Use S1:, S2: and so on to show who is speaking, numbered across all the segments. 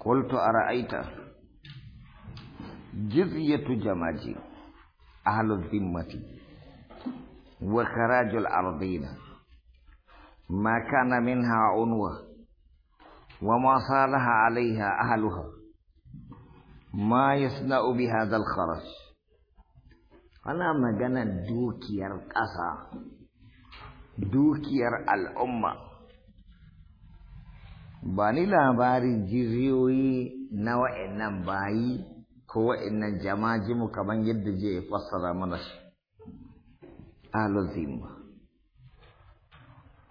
S1: قلت أرأيت جزية جماجي أهل الذمة وخراج الأرضين ما كان منها عنوة وما صالح عليها أهلها ما يصنع بهذا الخرج أنا مجانا دوكير قصا دوكير الأمة ba ni labarin jiriyoyi na wa'annan bayi ko wa'annan jamajimu kamar yadda je ya fassara mana su alazimba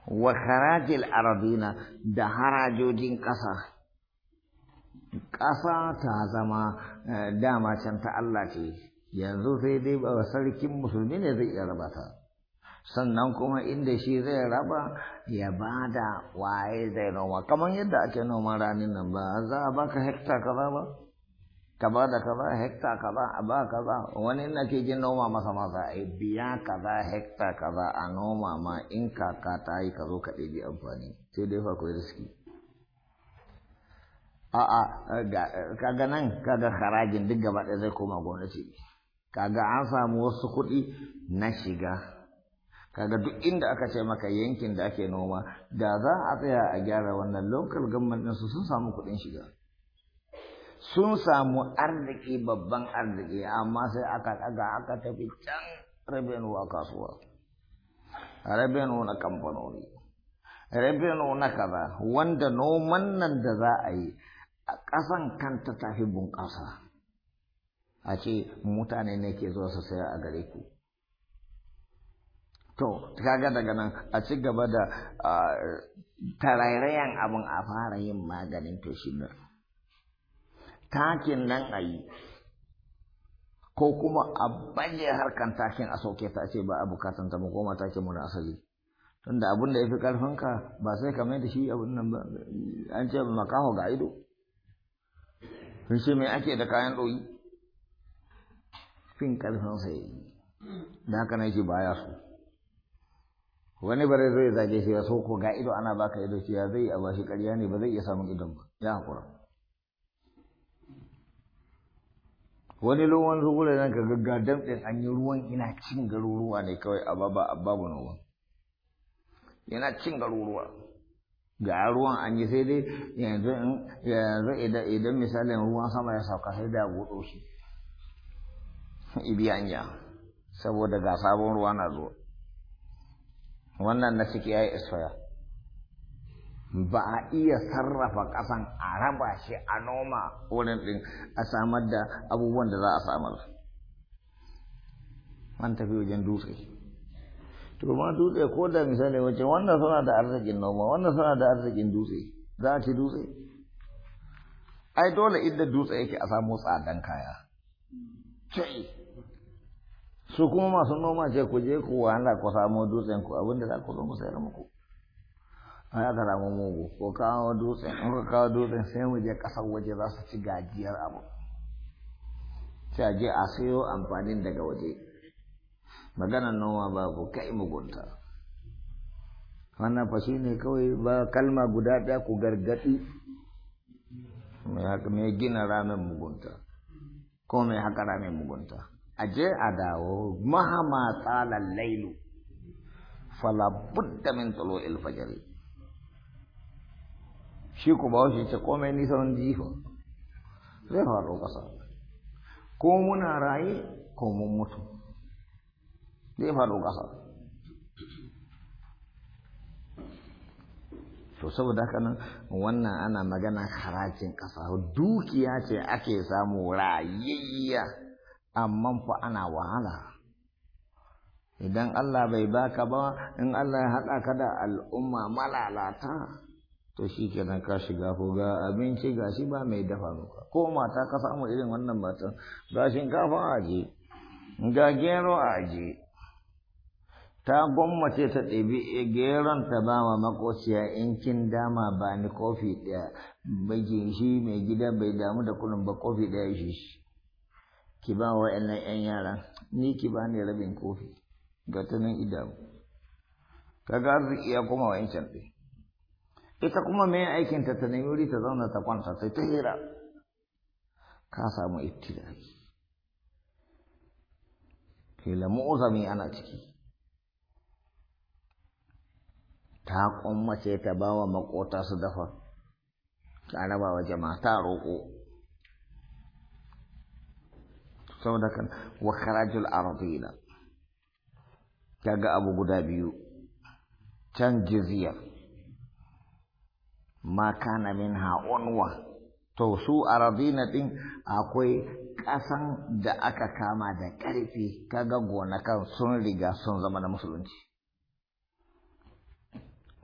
S1: wa harajil arabina da harajojin ƙasa ƙasa ta zama eh, dama can ta Allah ce yanzu sai dai ba sarkin musulmi ne zai iya rabata sannan kuma inda shi zai raba ya ba da waye zai noma kamar yadda ake noman ranin nan ba za a baka hekta kaza ba ka ba da kaza hekta kaza a ba kaza wani na ke jin noma masa masa a biya kaza hekta kaza a noma ma in kaka ta yi ka zo ka ɗebi amfani sai dai fa koyi riski a'a kaga nan kaga harajin duk gaba ɗaya zai koma gwamnati kaga an samu wasu kuɗi na shiga kaga duk inda aka ce maka yankin da ake noma da za a tsaya a gyara wannan local government ɗinsu sun samu kuɗin shiga sun samu arziki babban arziki amma sai aka ɗaga aka tafi can revenue a kasuwa revenue na kamfanoni revenue na kaza wanda noman nan da za a yi a ƙasan kanta tafi bunƙasa a ce mutane ne ke zuwa su saya a gare ku to kaga daga nan a ci gaba da tarairayan abin a fara yin maganin to nan takin nan a yi ko kuma a bayyana harkan takin a sauke ta ce ba a bukatan ta mu koma takin mu na asali tunda abin da ya fi karfinka ba sai ka mai da shi abin nan ba an ce makaho ga ido sun ce mai ake da kayan ɗoyi fin karfin sai da haka na yake baya su wani ba zai zo ya zage shi ya so ko ga ido ana baka ido shi ya zai a bashi ƙarya ne ba zai iya samun idon ba ya haƙura wani ruwan zuwa nan ka ga dam ɗin an yi ruwan ina cin garuruwa ne kawai a baba a babu nawa yana cin garuruwa ga ruwan an yi sai dai yanzu yanzu idan misalin ruwan sama ya sauka sai da gudu shi ibiyanya saboda ga sabon ruwa na zuwa wannan na ciki ya yi isfaya ba a iya sarrafa ƙasan a raba shi a noma wurin ɗin a samar da abubuwan da za a samar an tafi wajen dutse to ma dutse ko da misali wace wannan suna da arzikin noma wannan suna da arzikin dutse za a ci dutse ai dole inda dutse yake a samu tsadan kaya su kuma masu noma ce ku je ku wahala ku samu dutsen ku abinda za ku zo mu sayar muku an aka samu mugu ko kawo dutsen in ka kawo dutsen sai mu je ƙasar waje za su ci gajiyar abu sai a je a sayo amfanin daga waje maganar noma babu kai mugunta wannan fa ne kawai ba kalma guda ɗaya ku gargaɗi mai gina ramin mugunta ko mai haka ramin mugunta a je a dawo mahama tsalar lailu falabudda min tsalo ilfajari shi ku ba shi ce komai nisan jifa zai faru ƙasa ko muna raye ko mun mutu zai faru ƙasa to saboda haka nan wannan ana magana harajin ƙasa dukiya ce ake samu rayayya amma fa ana wahala idan Allah bai baka ba in Allah ya haɗa ka da al'umma malalata to shi kenan ka shiga ko ga abinci ga shi ba mai dafa maka ko mata ka samu irin wannan matan ga shinkafa a aje ga gero a aje ta gwammace ta ɗabi geron ta ba ma makociya in kin dama ba ni kofi ɗaya bai shi mai gida bai damu da kunun ba kofi ɗaya shi ki ba wa ɗan ƴan yara ni ki ba ni rabin kofi ga tunan idanu ga arziki ya koma wa ita kuma mai aikin ta ta nemi ta zauna ta kwanta sai ta hira ka samu ittila'i kila mu'uzami ana ciki ta ce ta bawa makota su dafa ta raba wa jama'a ta roƙo saboda kan wa kharajul ardina kaga abu guda biyu can jizya ma kana minha unwa to su ardina din akwai kasan da aka kama da karfi kaga gonakan sun riga sun zama na musulunci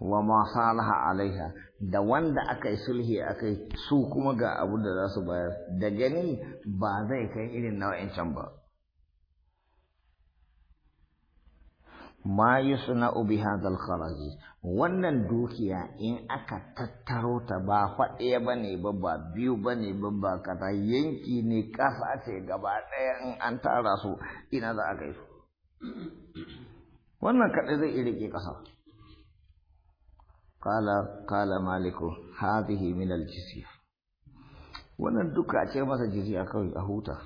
S1: wa ma salaha alaiha da wanda aka yi sulhi aka yi su kuma ga abu da za su bayar da gani ba zai kai irin nau'in can ba ma suna bi hadal kharaji wannan dukiya in aka tattaro ta ba ba ne ba ba biyu ba ne ba ba kaza yanki ne ƙasa ce gaba ɗaya in an tara su ina za a kai su wannan kaɗai zai iri riƙe ƙasa qala qala maliku hadhihi min al wannan duka a ce masa jizya kawai a huta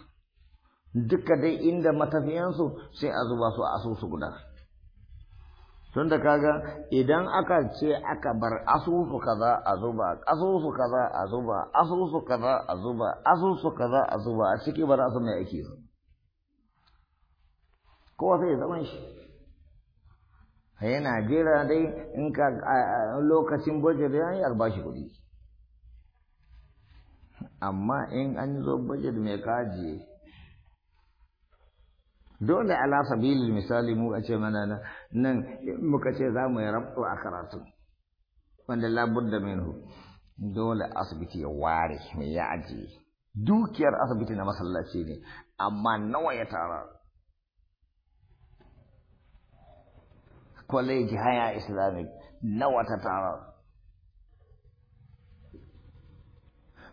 S1: duka dai inda matafiyansu sai a zuba su a asusu guda tun da kaga idan aka ce aka bar asusu kaza a zuba asusu kaza a zuba asusu kaza a zuba asusu kaza a zuba a ciki ba za su mai ake kowa sai ya zaman shi yana jera dai in ka lokacin budget ya yi albashi kuɗi amma in an zo budget mai kaji dole ala sabili misali mu a ce mana nan muka ce za mu yi rabto a karatu wanda labudda minhu dole asibiti ya ware mai ya ajiye dukiyar asibiti na masallaci ne amma nawa ya tara college haya islamic na wata tara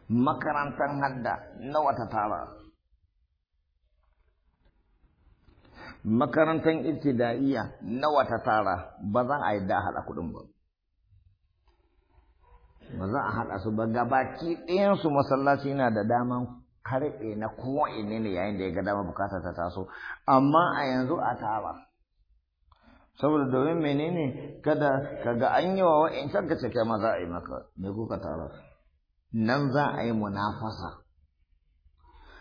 S1: makarantar hadda na wata tara makarantar ibtida'iyya na wata tara ba za a yi da haɗa kuɗin ba ba za a haɗa su ba gabaki ɗayansu masallaci yana da daman karɓe na kowa ne yayin da ya ga dama bukata ta taso amma a yanzu a tara saboda domin menene kada kaga an yi wa wa'incan ka ce ma za a yi maka me kuka tara nan za a yi munafasa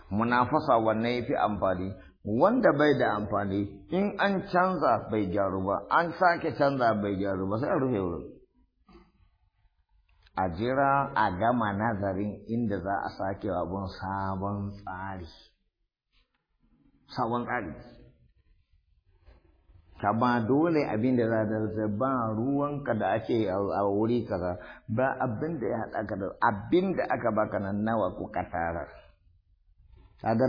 S1: munafasa wanne ya fi amfani wanda bai da amfani in an canza bai gyaru ba an sake canza bai gyaru ba sai a rufe wurin a jira a gama nazarin inda za a sake wa sabon tsari sabon tsari kama dole abin da za ba ruwanka da ake a wuri kaza ba abin da ya haɗa ka da abin da aka baka nan nawa ko ka tara kaga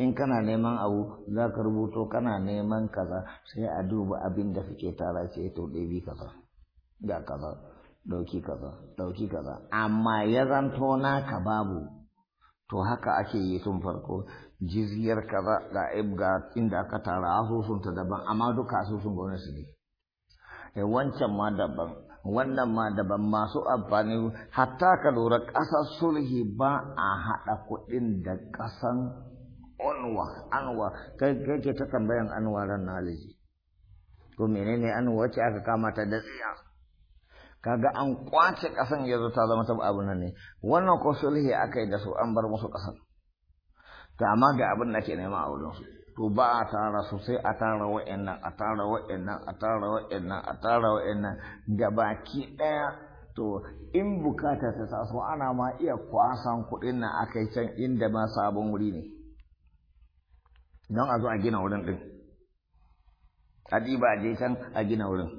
S1: in kana neman abu za ka rubuto kana neman kaza sai a duba abin da kake tara ce to ɗabi kaza ga kaza ɗauki kaza ɗauki kaza amma ya zanto naka babu to haka ake yi tun farko jizyar kaza ga ibga inda aka tara asusunta daban amma duka asusun gwamnati ne eh, wancan ma daban wannan ma daban masu amfani hatta ka lura ƙasar sulhi ba a haɗa kuɗin da ƙasan anwa anwa kai kake ta tambayan anwa ran nalaji to menene anwa wacce aka kama ta da tsiya kaga an kwace ƙasan yanzu ta zama ta abu nan ne wannan ko sulhi aka yi da su an bar musu ƙasan to amma ga abin da ake nema a wurin su to ba a tara su sai a tara wa'annan a tara wa'annan a tara wa'annan a tara wa'annan baki daya to in bukata ta taso ana ma iya kwasan kuɗin nan akai can inda ma sabon wuri ne don a zo a gina wurin din a ɗiba a je can a gina wurin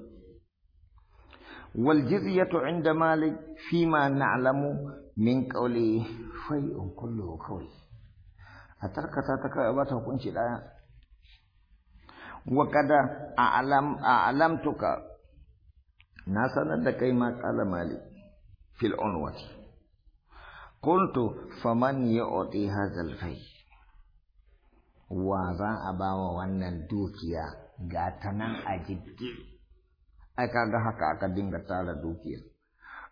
S1: wal jizyatu inda malik fi ma na'lamu min qawli fai'un kullu kawai a tarkata ta kawai ba ta hukunci ɗaya wa kada a alamtuka na sanar da kai ma kala mali fil onwati kuntu faman ya oɗe ha zalfai wa za a ba wa wannan dukiya ga ta nan a jibge ai kaga haka aka dinga tara dukiya.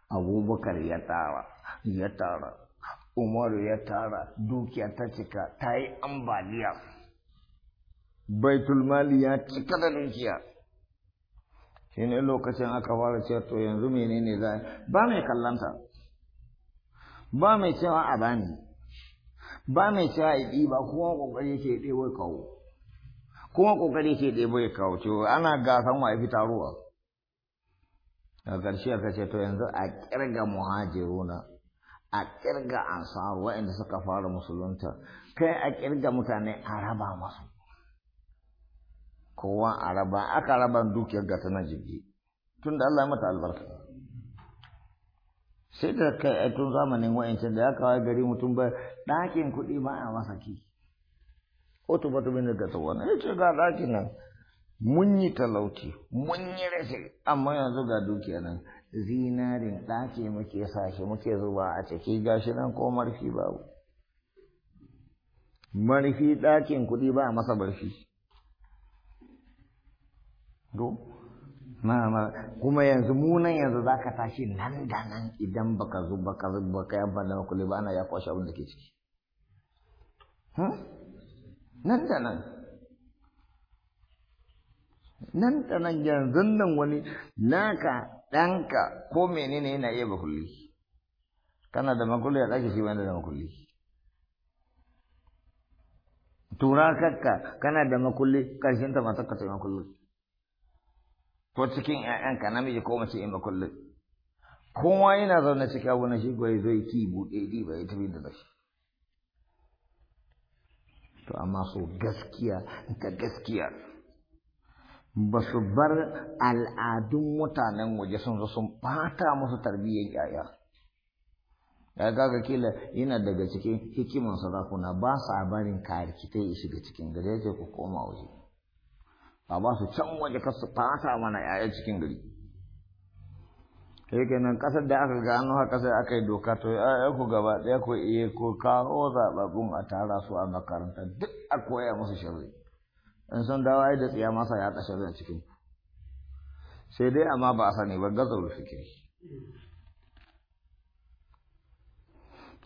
S1: abubakar ya tara ya tara umaru ya tara dukiya ta cika ta yi ambaliya baitul mali ya cika da dukiya shi ne lokacin aka fara cewa to yanzu menene za ba mai kallanta ba mai cewa a bani ba mai cewa a ba kuma kokari ke ɗebo kawo kuma kokari ke ɗebo kawo cewa ana gasan wa fi taruwa a ƙarshe aka ce to yanzu a ƙirga muhajiruna a kirga ansar waɗanda suka fara musulunta kai a kirga mutane a raba masu kowa a raba aka raba dukiyar ga tana jirgi tun da Allah mata albarka sai da kai a tun zamanin wa'ancan da ya kawai gari mutum ba ɗakin kuɗi ba a masa ki otu batu bin da gata wani ya ce ga ɗakin nan mun yi talauci mun yi rashin amma yanzu ga dukiya nan zinarin ɗaci muke sashi muke zuba a ciki gashi nan ko marfi babu marfi ɗakin kuɗi ba masa barfi kuma yanzu munan yanzu za ka tashi nan da nan idan baka zuba ka zuba ka yabba da ba ana ya kwashe abin da ke ciki hmm? nan da nan nan da nan yanzu nan wani naka ɗanka ko menene yana iya makulli kana da makulli a ɗaki shi ba da makulli tura kakka kana da makulli ƙarshen ta matar ka ce makulli ko cikin na namiji ko mace in makulli kowa yana zaune cikin abu na shi gwai zai ki buɗe ɗi ba ya tafi da shi to amma so gaskiya ta gaskiya ba su bar al'adun mutanen waje sun zo sun fata musu tarbiyyar yaya ya gaga kila yana daga cikin hikiman sarakuna ba su barin karikita ya shiga cikin gari ce ku koma waje a ba su can waje ka su fata mana yaya cikin gari sai kenan kasar da aka gano haka sai aka yi doka to ya ku gaba ɗaya ku iya eh, ko kawo zababbun a tara su a makaranta duk a koya musu shirri in sun dawo ai da tsiya masa ya kashe zan cikin sai dai amma ba a sani ba gazar fikiri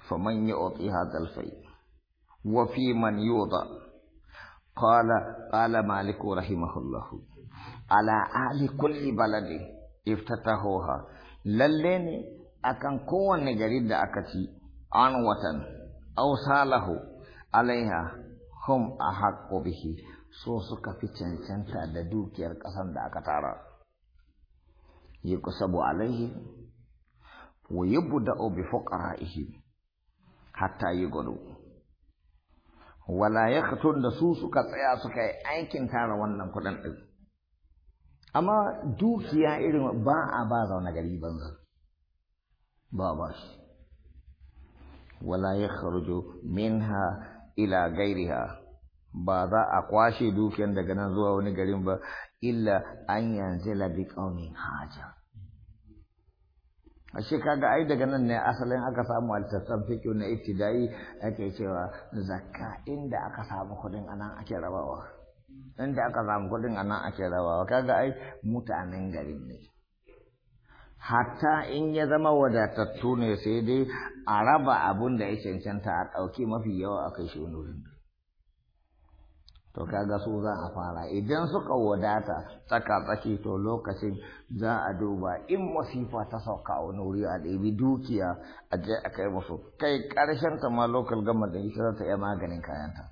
S1: faman yu'ti hadha al-fay wa fi man yuda qala qala malik rahimahullah ala ahli kulli baladi iftatahuha lalle ne akan kowanne gari da aka ci an watan aw salahu alaiha hum ahaqqu bihi so suka fi cancanta da dukiyar ƙasar da aka tara yi kusabu alaihi wa yi obi fukara ihi hatta yi gudu wala ya da su suka tsaya suka yi aikin tara wannan kuɗin ɗin amma dukiya irin ba a ba zaune gari banza ba ba shi wala ya minha ila gairiha ba za a kwashe dukiyar daga nan zuwa wani garin ba illa an yanzu labi qaumin haja A kaga ai daga nan ne asalin aka samu altasan fikiyo na ibtidai ake cewa zakka inda aka samu kudin nan ake rabawa inda aka samu kudin nan ake rabawa kaga ai mutanen garin ne hatta in ya zama wadatattu ne sai dai a raba abun da ya cancanta a ɗauki mafi yawa a kai shi wani wurin to ga su za a fara idan suka wadata tsaka-tsaki to lokacin za a duba in masifa ta sauka a wani wuri a ɗabi dukiya a je a kai musu kai ƙarshen ta ma lokal gama da ita za ta iya maganin kayanta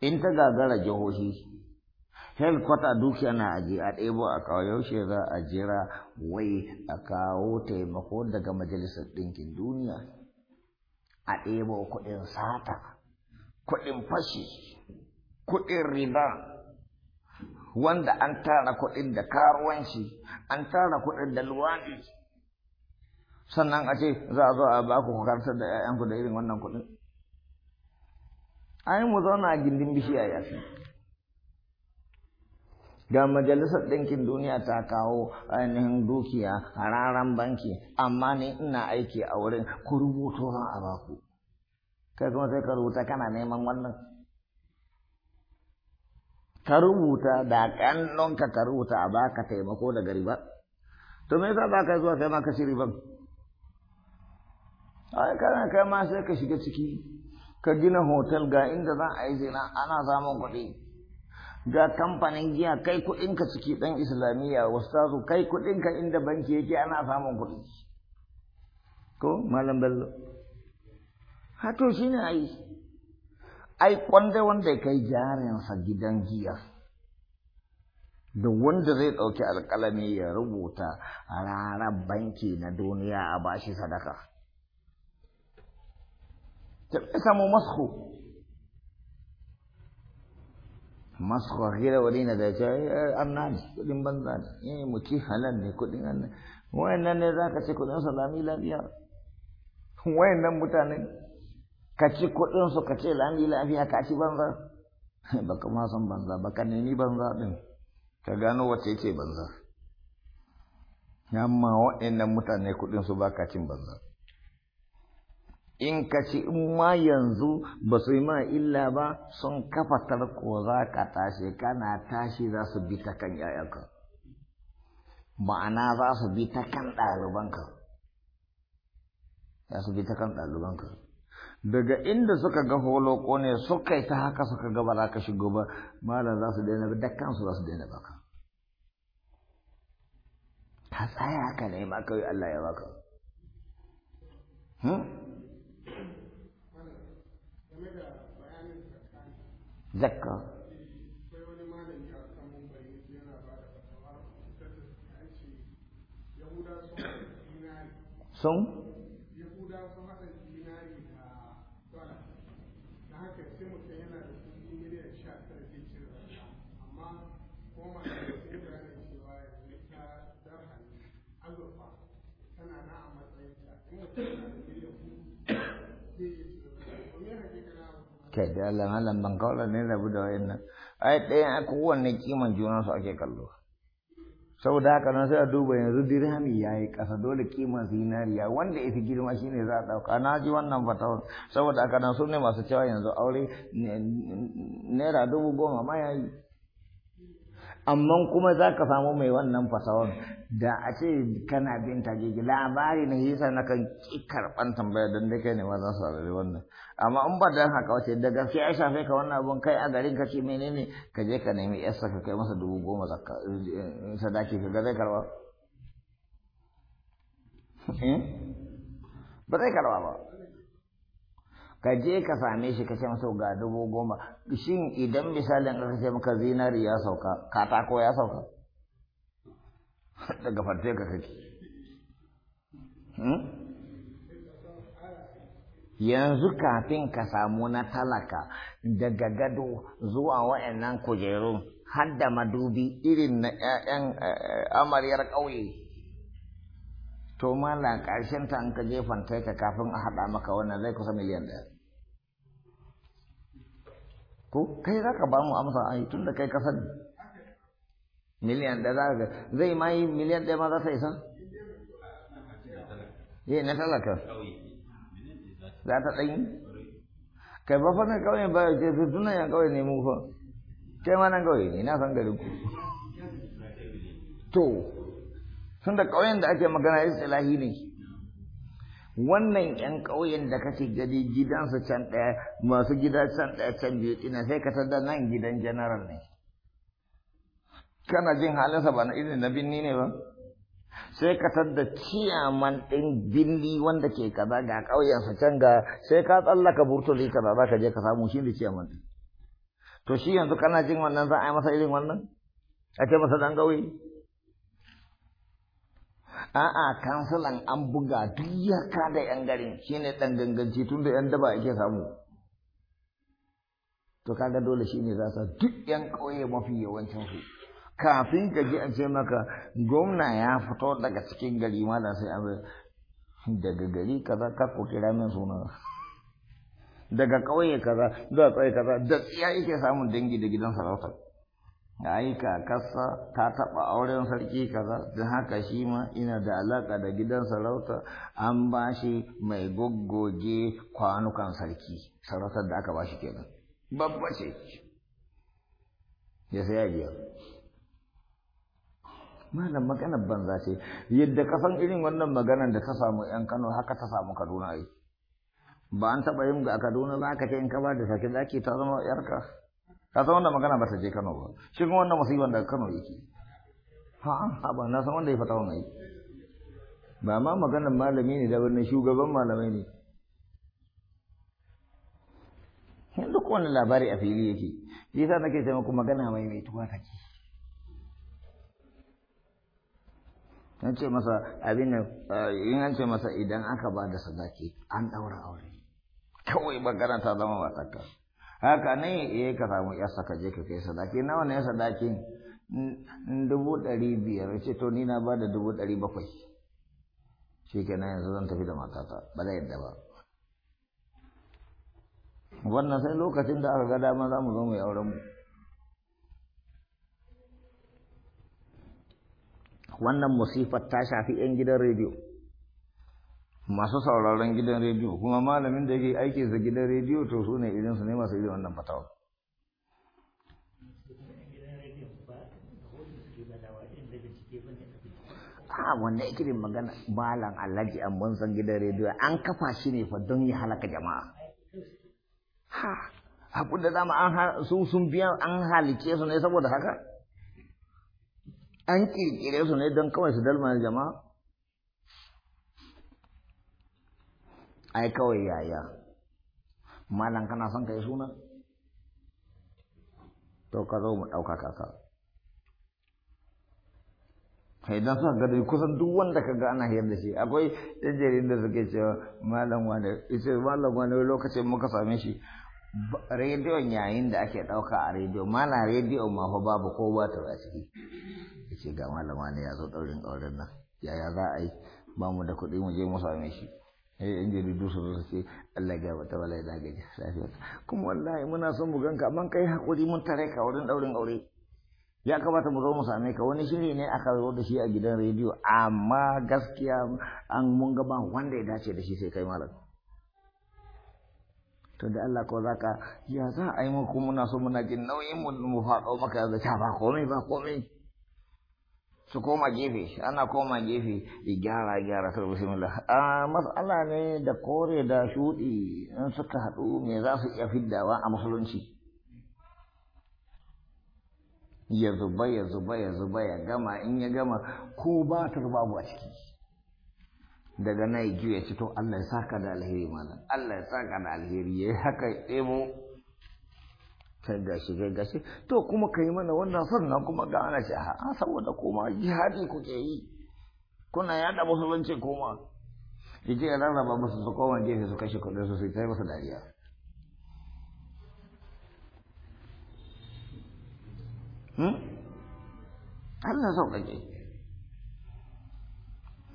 S1: in ta gagara jihohi helkwata dukiya na aje a ɗebo a kawo yaushe za a jira wai a kawo taimako daga majalisar ɗinkin duniya a ɗebo kuɗin sata kuɗin fashi kuɗin riba wanda an tara kuɗin da karuwanci an tara kuɗin da luwaɗi sannan a ce za a zo a ba ku karantar da 'ya'yanku da irin wannan kuɗin ai mu zauna a gindin bishiya ya fi ga majalisar ɗinkin duniya ta kawo ainihin dukiya hararan banki amma ne ina aiki a wurin ku rubuto ran a baku kai kuma sai ka rubuta kana neman wannan ka rubuta da ƙannonka ka rubuta a baka taimako daga riba to me yasa baka zuwa kai ma ka riban ai kana kai ma sai ka shiga ciki ka gina hotel ga inda za a yi zina ana samun kuɗi ga kamfanin giya kai kuɗinka ciki ɗan islamiyya wasu kai kuɗinka inda banki yake ana samun kuɗi ko malam bello hato shine ai ai kwande wanda ya kai jarinsa gidan giya da wanda zai ɗauki alƙalami ya rubuta ranar banki na duniya a bashi sadaka samu masu masu gida wani na da ce an ne kudin banza ne eh, mu muki halar ne kudin an ne wayan nan ne za ka ce kudin salami lafiya wayan nan mutane. ka ci kuɗinsu ka ce lami lafiya ka ci banza baka ma san banza baka nemi banza ɗin ka gano wacce ce banza amma waɗannan mutane kuɗinsu ba ka cin banza in ka ci in ma yanzu ba su yi ma illa ba sun kafa tarko za ka tashi kana tashi za su bi ta kan ‘ya'yanka ma'ana za su bi ta kan ɗalibanka za su bi ta kan ɗalibanka daga inda suka ga holoko ne suka yi ta haka suka ga ba za ka shigo ba malam za su daina da kansu za su daina baka ka tsaya haka ne ma kawai Allah ya baka hmm? zakka sun kai da Allah malam ban kaula ne rabu da wayannan ai ɗaya kowanne kiman junan su ake kallo saboda haka nan sai a duba yanzu dirhami ya yi ƙasa dole kiman zinariya wanda ya fi girma shi za a ɗauka na ji wannan fatawar saboda haka nan su ne masu cewa yanzu aure naira dubu goma ma ya yi amma kuma za ka samu mai wannan fatawar da a ce kana bin ta tajiki labari na hisa na kan ki karɓan tambaya don dai kai ne ma zan saurari wannan amma in ba dan haka wace da gaskiya ya shafe ka wannan abun kai a garin ka ce menene ka je ka nemi yarsa ka kai masa dubu goma eh, sadaki ka ga zai karɓa eh? ba zai karɓa ba ka je ka same shi ka ce masa ga dubu goma shin idan misalin ka ce maka zinari ya sauka katako ya sauka daga farce ka kake hmm? yanzu kafin ka samu na talaka daga gado zuwa wa'annan kujeru har da madubi irin na 'ya'yan eh, amaryar ƙauye to mala ƙarshen ta an ka jefan ka kafin a haɗa maka wannan zai kusa miliyan ɗaya ko kai za ka ba mu amsa a yi tun da kai ka miliyan da za zai ma yi miliyan ɗaya ma za ta isa ye na talaka za ta ɗanyi kai ba fa na kawai ba ce su tunan yan ne mu fa kai ma nan kawai ne na san ku to da ƙauyen da ake magana istilahi ne wannan yan ƙauyen da kake gani gidansu can ɗaya masu gida can ɗaya can biyu sai ka gidan general ne kana jin halinsa ba na irin na binni ne ba sai ka tadda ciyaman ɗin binni wanda ke kaza ga ƙauyensa can ga sai ka tsallaka da ita ba ka je ka samu shi da ciyaman ɗin to shi yanzu kana jin wannan za a yi masa irin wannan a masa dan gauye a'a kansilan an buga duk yaka da yan garin shine ɗan ganganci tunda da yan daba ake samu to kaga dole shine za sa duk yan ƙauye mafi yawancin su kafin ka ji a ce maka gwamna ya fito daga cikin gari ma da sai an daga gari kaza ka ko kira suna daga ƙauye kaza da tsaye kaza da tsiya yake samun dangi da gidan sarautar yi ka kasa, ta taɓa auren sarki kaza da haka shi ma ina da alaƙa da gidan sarauta an ba shi mai goggoge kwanukan sarki sarautar da aka ba shi kenan babba ce ya sai ya biya malam maganar banza ce yadda ka san irin wannan maganar da ta samu yan Kano haka ta samu Kaduna yi ba an taba yin ga Kaduna ba aka ce in ka ba da sake zaki ta zama yarka ka san wannan magana ba ta je Kano ba shi kuma wannan musibar da Kano yake ha ha ba na san wanda ya fata wannan ba ma maganar malami ne da wannan shugaban malamai ne duk wani labari a fili yake sa nake ce muku magana mai mai tuwa take an ce masa abin eh, in an ce masa idan aka ba da sadaki an ɗaura aure kawai magana ta zama ba haka ne ya eh, ka samu yarsa ka je ka kai sadaki nawa ne sadaki dubu ɗari biyar ce to ni na ba da dubu ɗari bakwai shi nan yanzu zan tafi da matata ba da yadda ba wannan sai lokacin da aka ga dama za mu zo mu yi auren mu wannan musifar ta shafi 'yan gidan rediyo masu sauraron gidan rediyo kuma malamin da yake aiki da gidan rediyo to su ne irin su ne masu irin wannan fatawa a wanda yake da magana malam alhaji an mun gidan rediyo an kafa shi ne fa don ya halaka jama'a ha abin da dama an sun biya an halice su ne saboda haka an kirkire su ne don kawai su dalma jama'a ai kawai yaya malam kana son ka yi suna to ka zo mu ɗauka kaka idan suka gada kusan duk wanda ka ga ana hiyar da shi akwai ɗan jaridar da suke cewa malam wane ita malam wani lokacin muka same shi rediyon yayin da ake ɗauka a rediyo malam rediyon ma fa babu ko ba ta ciki ce ga malama ne ya zo ɗaurin auren nan yaya za a yi ba mu da kuɗi mu je mu same shi eh in jaridu su su ce Allah ya gabata wala ya dagaje lafiya kuma wallahi muna son mu ganka man kai hakuri mun tare ka wurin ɗaurin aure ya kamata mu zo mu same ka wani shiri ne aka zo da shi a gidan rediyo amma gaskiya an mun ga wanda ya dace da shi sai kai malam to da Allah ko zaka ya za a yi mu muna so muna jin nauyin mu mu faɗo maka da ta ba komai ba komai su koma gefe ana koma gefe ya gyara gyara ta bismillah a matsala ne da kore da shuɗi in suka haɗu me za su iya fiddawa a musulunci ya zuba ya zuba ya zuba ya gama in ya gama ko ba ta babu a ciki daga na ya ci to Allah ya saka da alheri malam Allah ya saka da alheri ya haka tsebo sai gashi ga gashi to kuma ka yi mana wannan sannan kuma ga ana ce a saboda koma jihadi kuke yi kuna yada musulunci kuma yaje ya rarraba musu su koma gefe su kashe kuɗin su sai ta masa dariya hmm? Allah kake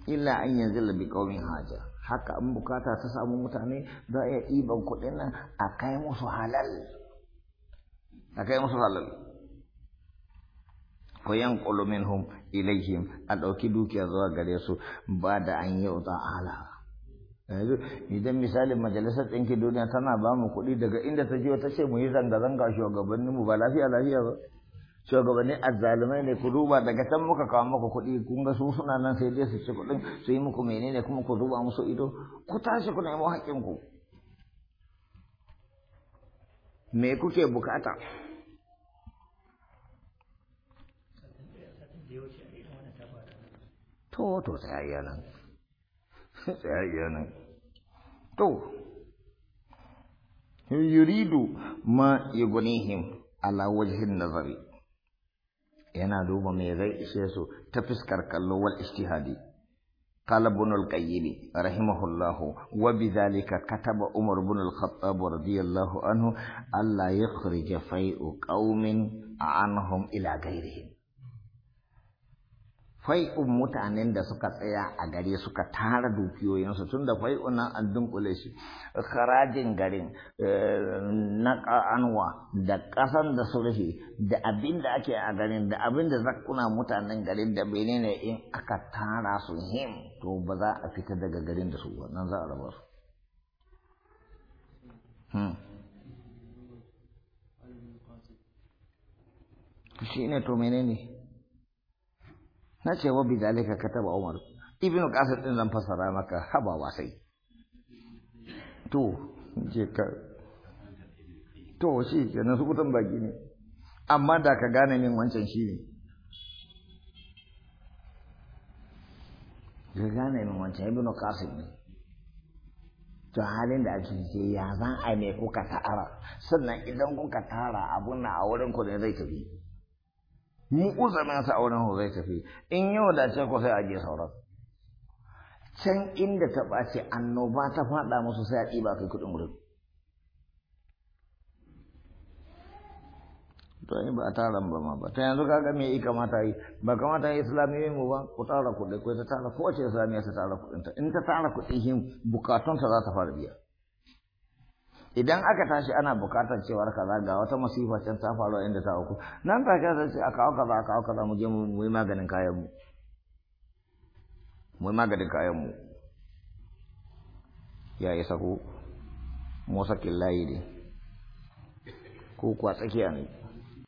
S1: illa an yanzu bi qaumin haja haka an bukata ta samu mutane za a iya ɗiban kuɗin nan a kai musu halal a kai musu halal ko yanqulu hum ilaihim a ɗauki dukiya zuwa gare su ba da an yau uta ala yanzu idan misalin majalisar ɗinki duniya tana ba mu kuɗi daga inda ta je ta ce mu yi zanga-zanga shugabanni mu ba lafiya lafiya ba shugabannin azzalumai ne ku duba daga can muka kawo muku kuɗi kun ga su suna nan sai dai su ci kuɗin su yi muku menene kuma ku duba musu ido ku tashi ku nemo haƙƙinku ku me kuke bukata to to tsayayya nan tsayayya nan to yuridu ma yughnihim ala wajhin nazari yana duba me zai ishe su ta fiskar kallo wal ijtihadi قال ابن القيم رحمه الله وبذلك كتب عمر بن الخطاب رضي الله عنه ألا يخرج فيء قوم عنهم إلى غيرهم fai'un mutanen da suka tsaya a gare suka tara dukiyoyinsu tun da fai'un nan an dunkule shi harajin garin eh, na anwa da ƙasan da su rufe da abin da ake a garin da abin da zakuna mutanen garin da menene in aka tara su him to ba za a fita daga garin da su wannan za a raba su hmm. shi ne to menene na ce wa bi zalika kataba umar ibn qasir din zan fasara maka haba wasai to je ka to shi ke nan su kutan baki ne amma da ka gane min wancan shi ne ka gane min wancan ibn qasir ne to halin da ake ce ya zan a me kuka ta'ara sannan idan kuka tara abun na a wurin ku ne zai tafi mu na sa auren hu zai tafi in yau da ce ko sai a je sauran can inda ta ɓace annoba ta faɗa musu sai a ɗiba kai kuɗin wurin to ba a taron ba ma ba ta yanzu kaga me ya kamata yi ba kamata yi islamiyoyin mu ba ku tara kuɗi ko ta tara ko ce islamiyya ta tara kuɗinta in ta tara kuɗi bukatun ta za ta fara biya idan aka tashi ana bukatar cewar kaza ga wata masifa can ta faru inda ta uku nan ta kaza sai a kawo kaza a kawo kaza mu je mu yi maganin kayan mu mu yi maganin kayan mu ya yi sako mosakin layi ne ko kwa tsakiya ne